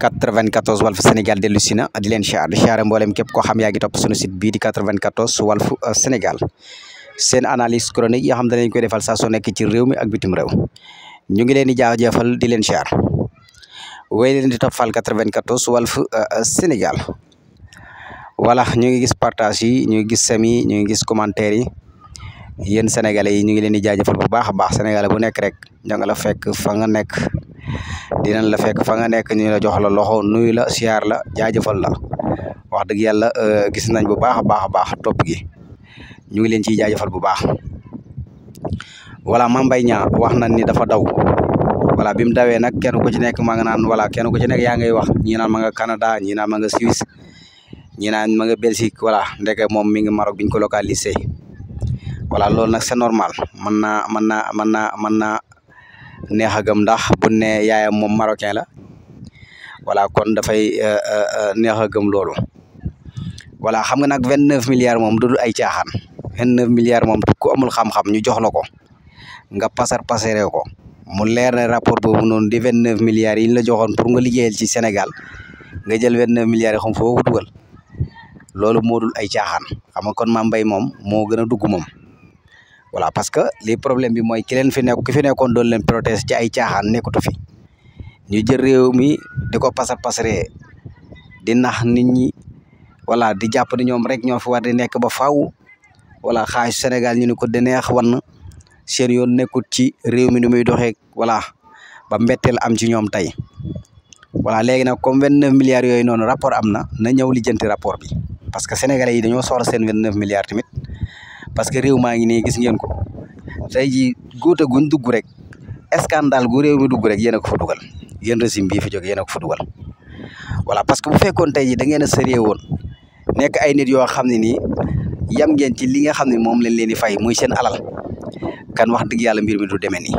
94 Walf Sénégal dellu si na di leen chaar di chaare mboolem képp koo xam yaa ngi topp sunu site bii di 94 Walf euh, Sénégal seen analyse chronique yoo xam ne dañ koy defal saa soo nekk ci réew mi ak bitim rew ñu ngi leen di jaajëfal di leen chaar wéy leen di toppal 94 Walf euh, Sénégal voilà ñu ngi gis partage yi ñu ngi gis semi ñu ngi gis commentaire yi yéen sénégalais yi ñu ngi leen di jaajëfal bu baax a baax sénégalais bu nekk rek da nga la fekk fa nga nekk dinañ la fekk fa nga nekk ñu la la loxo nuyu la siyaar la jaajëfal la wax dëgg yàlla euh, gis nañ bu baax a baax a baax topp gi ñu ngi leen ciy jaajëfal bu baax voilà Mame Mbaye Niang wax nañ ni dafa daw voilà bi mu dawee nag kenn ku ci nekk maa nga naan voilà kenn ku ci nekk yaa ngay wax ñii naan ma nga Canada ñii naan ma naan ma nga Belgique voilà ndeke moom mi ngi Maroc biñ ko localisé voilà loolu nag c'est normal mën naa mën naa mën neex a gëm ndax bu ne yaayam moom marocain la voilà kon dafay euh, euh, euh, neex a gëm loolu voilà xam nga nag vingt neuf milliards moom du dul ay caaxaan vingt neuf milliards moom ku amul xam-xam ñu jox la ko nga pasar pasaree ko mu leer ne rapport boobu noonu di vingt neuf milliards yi ñu la joxoon pour nga liggéeyal ci senegal nga jël vingt neuf milliards yi xam foo ko dugal loolu moo dul ay caaxaan xam nga kon Mame Mbaye moom moo gën a dugg moom voilà parce que li problème bi mooy ki leen fi nekk ki fi nekkoon doon leen protège ci ay caaxaan nekkatu fi ñu jël réew mi di ko pasa pasaree di nax nit ñi voilà di jàpp ni ñoom rek ñoo fi war di nekk ba faw voilà xaalisu Sénégal ñu ne ko deneex wan seen yoon nekkut ci réew mi nu muy doxee wala ba mbetteel am ci ñoom tey voilà léegi nag comme vingt neuf milliards yooyu noonu rapport am na na ñëw lijjanti rapport bi parce que sénégalais yi dañoo soxla seen vingt neuf milliards tamit parce que réew maa ngi nii gis ngeen ko tey jii góota guñ dugg rek scandale gu réew dugg rek yéen ko fa dugal yéen régime bii fi jóge yéen ko fa dugal voilà parce que bu fekkoon tey jii da ngeen a sérieux woon nekk ay nit yoo xam ne nii yam ngeen ci li nga xam ne moom lañ leen di fay muy seen alal kan wax dëgg yàlla mbir mi du demee nii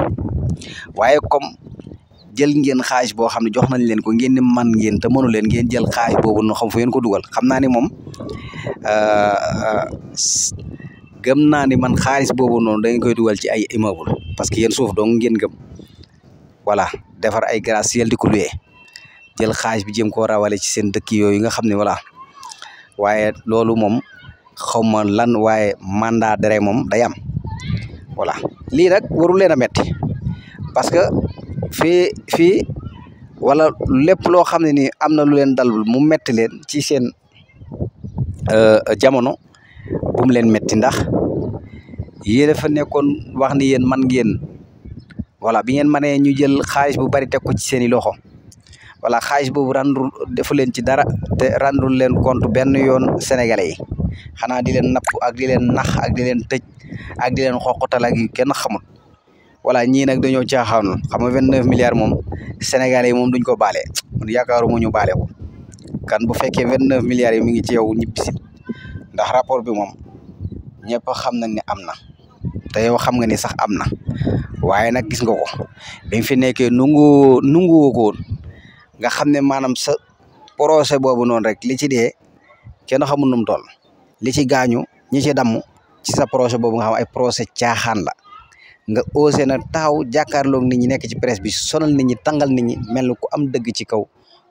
waaye comme jël ngeen xaalis boo xam ne jox nañ leen ko ngeen ni man ngeen te mënu leen ngeen jël xaalis boobu no xam fu ngeen ko dugal xam naa ne moom euh, euh, gëm naa ni man xaalis boobu noonu dañ koy diwal ci ay immeuble parce que yen suuf dong ngeen gëm voilà defar ay gratte-ciel di ko luye jël xaalis bi jëm koo rawale ci seen dëkk yooyu nga xam ne voilà waaye loolu moom xaw ma lan waaye mandat dere moom day am voilà lii nag leen a metti parce que fii fii wala lépp loo xam ne nii am na lu leen dal mu metti leen ci seen euh, jamono bu mu leen metti ndax yéen fa nekkoon wax ni yéen man ngeen voilà bi ngeen mënee ñu jël xaalis bu bari teg ko ci seen i loxo voilà xaalis boobu rendul defu leen ci dara te rendul leen compte benn yoon sénégalais yi xanaa di leen napp ak di leen nax ak di tëj ak di leen xoqatal ak yu kenn xamul voilà ñii nag dañoo caaxaanul xam nga 29 milliards moom sénégalais yi moom duñ ko baale yaakaaruma ñu baale kan bu fekkee 29 milliards yi mi ngi ci yow ñibbisit ndax rapport bi moom ñëpp xam nañ ne am na te yow xam nga ni sax am na waaye nag gis nga ko bi fi nekkee nungu nunguwoo ko nga xam ne maanaam sa procès boobu noonu rek li ci dee kenn xamul nu mu toll li ci gaañu ñi ci damm ci sa procès boobu nga xam ay procès caaxaan la nga osé na taxaw jàkkaarloog nit ñi nekk ci presse bi sonal nit ñi tàngal nit ñi mel ku am dëgg ci kaw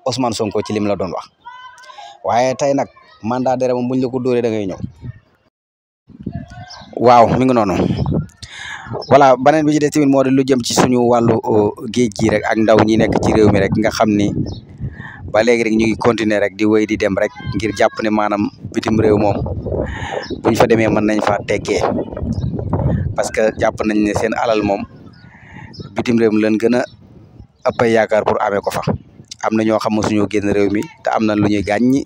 Ousmane Sonko ci lim la doon wax waaye tey nag. mandat dere moom buñ la ko dóoree da ngay ñëw waaw mi ngi noonu voilà beneen bi ci des tamit moo di lu jëm ci suñu wàllu géej gi rek ak ndaw ñi nekk ci réew mi rek nga xam ni ba léegi rek ñu ngi continuer rek di wéy di dem rek ngir jàpp ne maanaam bitim réew moom buñ fa demee mën nañ fa tekkee parce que jàpp nañ ne seen alal moom bitim réew mi leen gën a ëpp yaakaar pour amee ko fa am na ñoo xam ne suñu génn réew mi te am na lu ñuy gàññi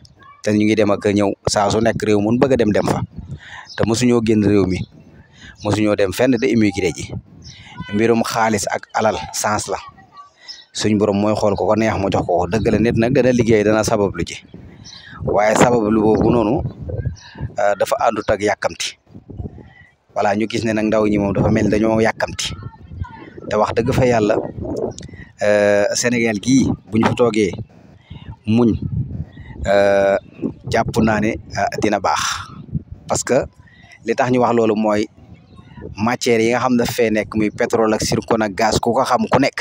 te ñu ngi dem ak ñëw saa su nekk réew mun bëgg a dem dem fa te mosuñoo génn réew mi mosuñoo dem fenn de immigré ji mbirum xaalis ak alal sans la suñ borom mooy xool ko ko neex mu jox ko ko dëgg la nit nag dana liggéey dana sabablu ji waaye sabablu boobu noonu euh, dafa àndut ak yàkkamti voilà ñu gis ne nag ndaw ñi moom dafa mel dañoo yàkkamti te wax dëgg fa yàlla euh, senegal gii buñ ñu fa toogee muñ euh, jàpp naa ne euh, dina baax parce que li tax ñu wax loolu mooy matières yi nga xam daf fee nekk muy pétrole ak zircon ak gaz ku ko xam ku nekk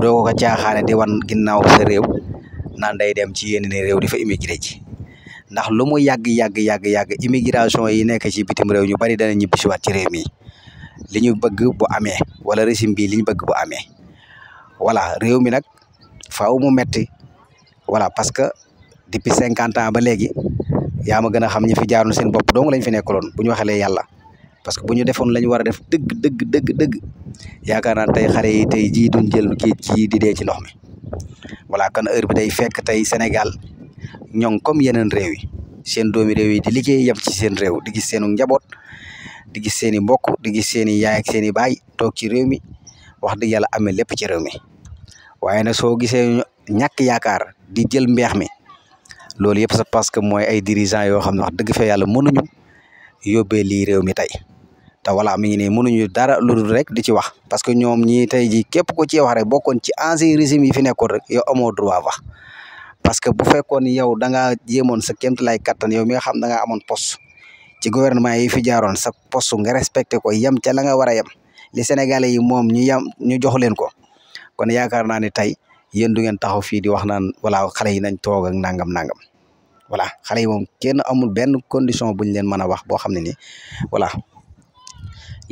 doo ko ko caaxaane di wan ginnaaw sa réew naan day dem ci yeneen réew di fa immigré ji ndax lu mu yàgg yàgg yàgg yàgg immigration yi nekk ci bitim réew ñu bari dana ñibbisiwaat ci réew mi li ñu bëgg bu amee wala régime bi li bëgg bu amee voilà mi nag faaw mu metti voilà parce que depuis cinquante ans ba léegi yaa ma gën a xam ñi fi jaarul seen bopp dong lañ fi nekkaloon bu ñu waxalee yàlla parce que bu ñu defoon la war a def dëgg dëgg dëgg dëgg yaakaar naa tey xare yi tey jii duñ jël géej gi di dee ci ndox mi voilà kon heure bi day fekk tey Sénégal ñoŋ comme yeneen réew yi seen doomi réew yi di liggéey yem ci seen réew di gis seenu njaboot di gis seen i mbokk di gis seen i ak seen i baay toog ci réew mi wax dëgg yàlla amee lépp ci réew mi waaye nag soo gisee ñàkk yaakaar di jël mbeex mi loolu yëpp c'est parce que mooy ay dirigeants yo xam ne wax dëgg fa yàlla mënuñu yóbbee lii réew mi tey te voilà mi ngi nii mënuñu dara lu dul rek di ci wax parce que ñoom ñii tey ji képp ko ci wax rek bokkoon ci ancien régime yi fi nekkoon rek yow amoo droit wax parce que bu fekkoon yow da ngaa jéemoon sa kéemtalaay kattan yow mi nga xam da ngaa amoon poste ci gouvernement yi fi jaaroon sa poste nga respecté ko yem ca la nga war a yem li Sénégalais yi moom ñu yem ñu jox leen ko kon yaakaar naa ne tey yéen du ngeen taxaw fii di wax naan wala xale yi nañ toog ak nangam nangam voilà xale yi moom kenn amul benn condition buñ leen mën a wax boo xam ne nii voilà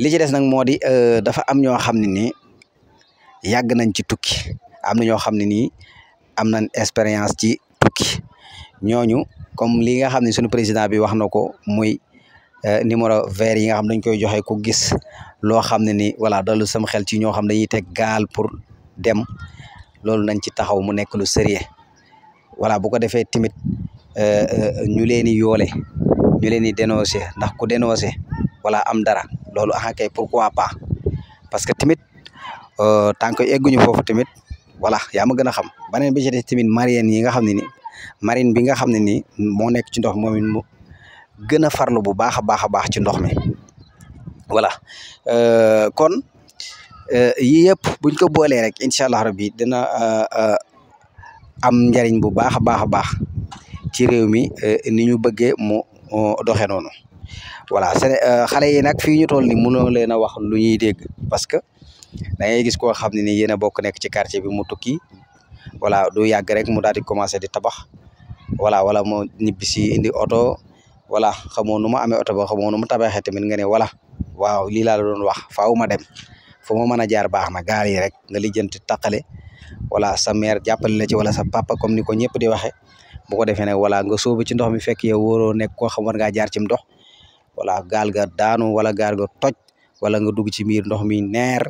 li ci des nag moo di euh, dafa am ñoo xam ne nii yàgg nañ ci tukki am na ñoo xam ne nii am nañ expérience ci tukki ñooñu comme li nga xam ne suñu président bi wax na ko muy euh, numéro vert yi nga xam dañ koy joxe ku gis loo xam ne ni voilà dalu sam xel ci ñoo xam dañuy teg gaal pour dem loolu nañ ci taxaw mu nekk lu sérieux voilà bu ko defee tamit euh, ñu leen di yoole ñu leen di dénoncé ndax ku dénoncé wala am dara loolu ah kay pourquoi pas parce que tamit euh, tant que egguñu foofu tamit wala yaa ma gën a xam beneen bi ci des tamit marine yi nga xam ne ni marine bi nga xam ne nii moo nekk ci ndox moom it mu gën a farlu bu baax a baax a baax ci ndox mi euh, kon. Euh, yi yëpp buñ ko boolee rek incha allah rabbi dina euh, euh, am njariñ bu baax a baax a baax ci réew mi ni ñu bëggee mu doxe noonu voilà xale yi nag fii ñu toll ni mënoo leen a wax lu ñuy dégg parce que da ngay gis koo xam ne ni yéen a bokk nekk ci quartier bi mu tukki wala du yàgg rek mu daal di commencé di tabax wala wala moo ñibbi si indi oto voilà xamoo nu ma amee oto ba xamoo nu mu tabaxee tamit nga ne voilà waaw lii laa doon wax faaw ma dem fu mu mën jaar baax na gaal yi rek nga lijjanti taqale wala sa mère jàppale la ci wala sa papa comme ni ko ñëpp di waxe bu ko defee nag wala nga sóobu ci ndox mi fekk yow wóoroo nekk ko xam war ngaa jaar ci ndox wala gaal ga daanu wala gaal ga toj wala nga dugg ci biir ndox mi neer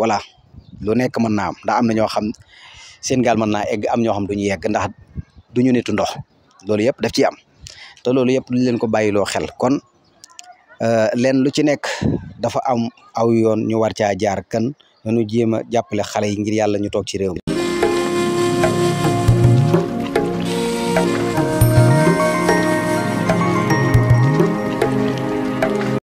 wala lu nekk mën naa am ndax am na ñoo xam seen gal mën naa egg am ñoo xam duñu yegg ndax duñu nitu ndox loolu yëpp daf ci am te loolu yëpp duñ leen ko bàyyiloo xel kon Euh, lenn lu ci nekk dafa am aw yoon ñu war caa jaar kan nañu jéem a jàppale xale yi ngir yàlla ñu toog ci réew mi